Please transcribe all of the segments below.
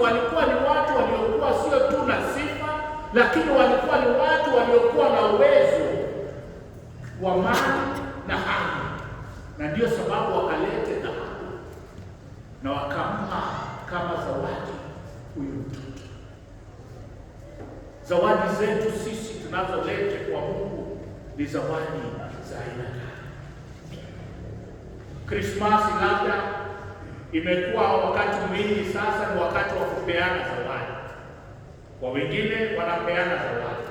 walikuwa ni watu waliokuwa sio tu na sifa, lakini walikuwa ni watu waliokuwa na uwezo wa mali na hali, na ndio sababu wakalete dhahabu na wakampa kama zawadi huyu mtoto. Zawadi zetu sisi tunazolete kwa Mungu ni zawadi za aina gani? Krismasi labda imekuwa wakati mwingi sasa ni wakati wa kupeana zawadi. Kwa wengine wanapeana zawadi.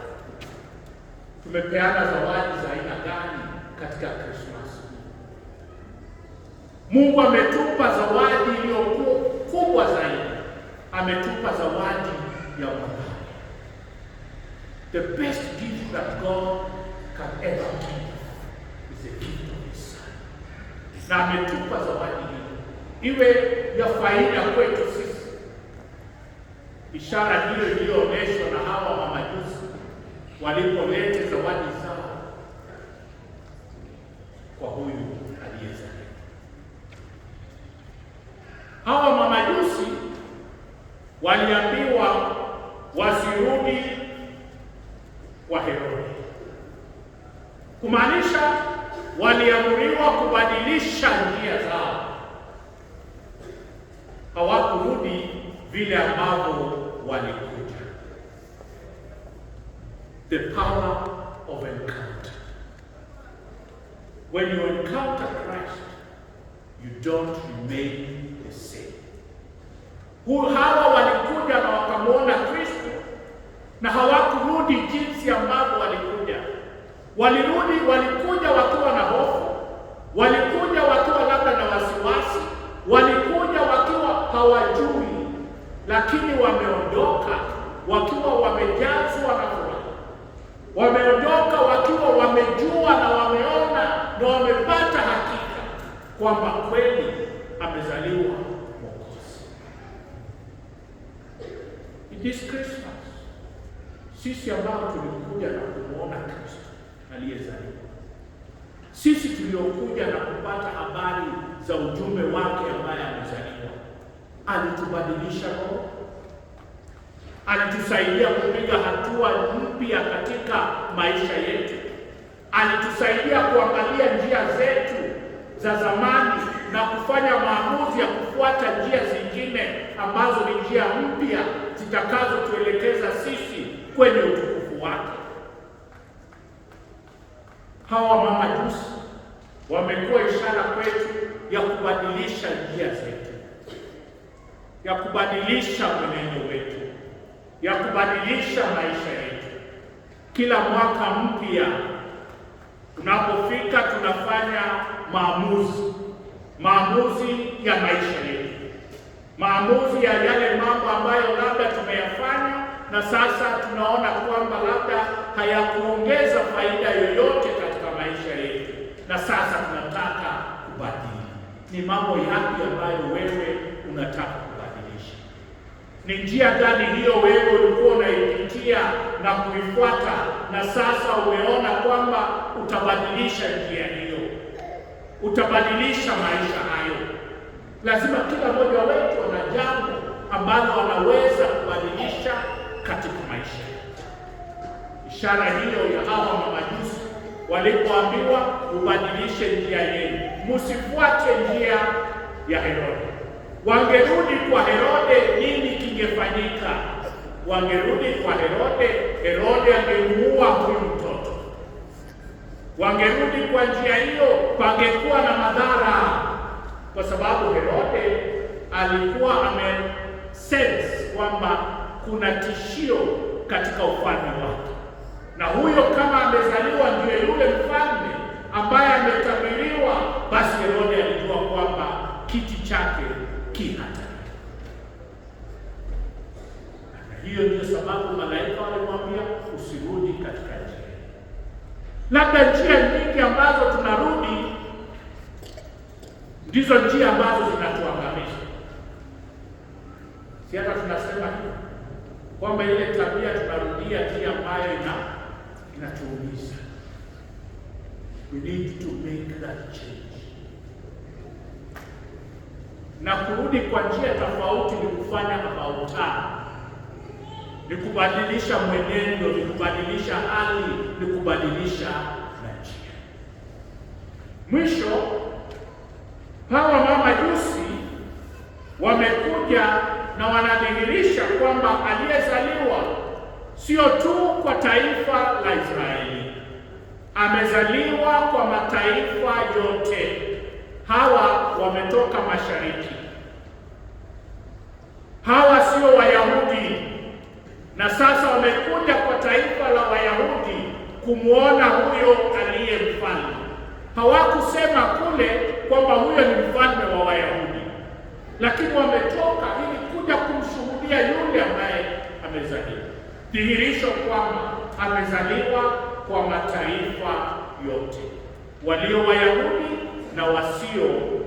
Tumepeana zawadi za aina gani katika Christmas? Mungu ametupa zawadi iliyo kubwa zaidi, ametupa zawadi ya uhai, the best gift that God can ever give is the gift of His Son, na ametupa zawadi iwe ya faida kwetu sisi. Ishara hiyo iliyoonyeshwa na hawa mamajusi walipoleta zawadi zao kwa huyu aliyezaliwa. Hawa mamajusi waliambiwa wasirudi kwa Herode, kumaanisha waliamriwa kubadilisha njia zao hawakurudi vile ambavyo walikuja. The power of encounter. When you encounter Christ, you don't remain the same. Hawa walikuja na wakamwona Kristo na hawakurudi jinsi ambavyo walikuja. Walirudi, walikuja wakiwa na hofu, walikuja wakiwa labda na wasiwasi, walikuja hawajui, lakini wameondoka wakiwa wamejazwa na furaha, wameondoka wakiwa wamejua na wameona na wamepata hakika kwamba kweli amezaliwa Mwokozi. It is Christmas, sisi ambao tulikuja na kumwona Kristo aliyezaliwa sisi tuliokuja na kupata habari za ujumbe wake ambaye amezaliwa, alitubadilisha roho, alitusaidia kupiga hatua mpya katika maisha yetu, alitusaidia kuangalia njia zetu za zamani na kufanya maamuzi ya kufuata njia zingine ambazo ni njia mpya zitakazotuelekeza sisi kwenye utukufu wake. Hawa mamajusi wamekuwa ishara kwetu ya kubadilisha njia zetu ya kubadilisha mwenendo wetu, ya kubadilisha maisha yetu. Kila mwaka mpya unapofika, tunafanya maamuzi, maamuzi ya maisha yetu, maamuzi ya yale mambo ambayo labda tumeyafanya na sasa tunaona kwamba labda hayakuongeza faida yoyote katika maisha yetu, na sasa tunataka kubadili. Ni mambo yapi ambayo wewe unataka ni njia gani hiyo wewe ulikuwa unaipitia na kuifuata, na sasa umeona kwamba utabadilisha njia hiyo, utabadilisha maisha hayo? Lazima kila mmoja wetu ana jambo ambalo anaweza kubadilisha katika maisha. Ishara hiyo ya hawa mamajusi walipoambiwa, ubadilishe njia yenu, msifuate njia ya Herode. Wangerudi kwa Herode, nini kingefanyika? Wangerudi kwa Herode, Herode angemuua huyu mtoto. Wangerudi kwa njia hiyo, pangekuwa na madhara, kwa sababu Herode alikuwa amesense kwamba kuna tishio katika ufalme wake, na huyo kama amezaliwa ndiye yule mfalme ambaye ametabiriwa, basi Herode alijua kwamba kiti chake kina. Na hiyo ndio sababu malaika walimwambia usirudi katika njia, labda njia nyingi ambazo tunarudi ndizo njia ambazo zinatuangamiza. Si hata tunasema hiyo kwamba ile tabia tunarudia njia ambayo ina inatuumiza. We need to make that change na kurudi kwa njia tofauti ni kufanya mabauta, ni kubadilisha mwenendo, ni kubadilisha hali, ni kubadilisha na njia. Mwisho hawa mamajusi wamekuja na wanadhihirisha kwamba aliyezaliwa sio tu kwa taifa la Israeli, amezaliwa kwa mataifa yote hawa wametoka mashariki, hawa sio Wayahudi, na sasa wamekuja kwa taifa la Wayahudi kumwona huyo aliye mfalme. Hawakusema kule kwamba huyo ni mfalme wa Wayahudi, lakini wametoka ili kuja kumshuhudia yule ambaye amezaliwa, dhihirisho kwamba amezaliwa kwa mataifa yote, walio Wayahudi na wasio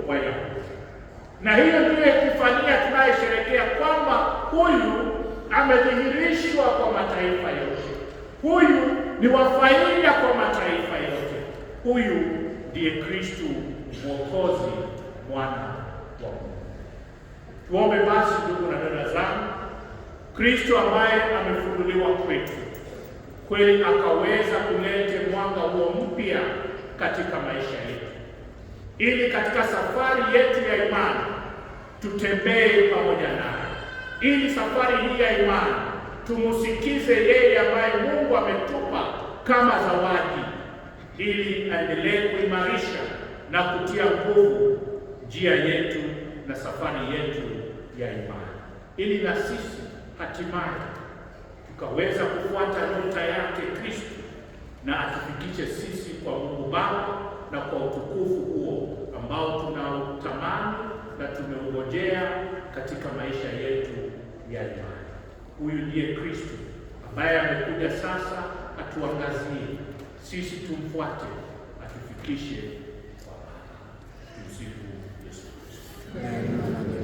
Wayahudi. Na hiyo ndiyo ikifanyia tunayesherekea kwamba huyu amedhihirishwa kwa mataifa yote, huyu ni wafaida kwa mataifa yote, huyu ndiye Kristu Mwokozi, mwana wa Mungu. Tuombe basi, ndugu na dada zangu, Kristo ambaye amefunuliwa kwetu kweli akaweza kulete mwanga huo mpya katika maisha yetu ili katika safari yetu ya imani tutembee pamoja naye, ili safari hii ya imani tumusikize yeye ambaye Mungu ametupa kama zawadi, ili aendelee kuimarisha na kutia nguvu njia yetu na safari yetu ya imani, ili na sisi hatimaye tukaweza kufuata nyota yake Kristo na atufikishe sisi kwa Mungu Baba kungojea katika maisha yetu ya imani. Huyu ndiye Kristo ambaye amekuja sasa atuangazie sisi, tumfuate atufikishe kwa Baba. Tumsifu Yesu Kristo.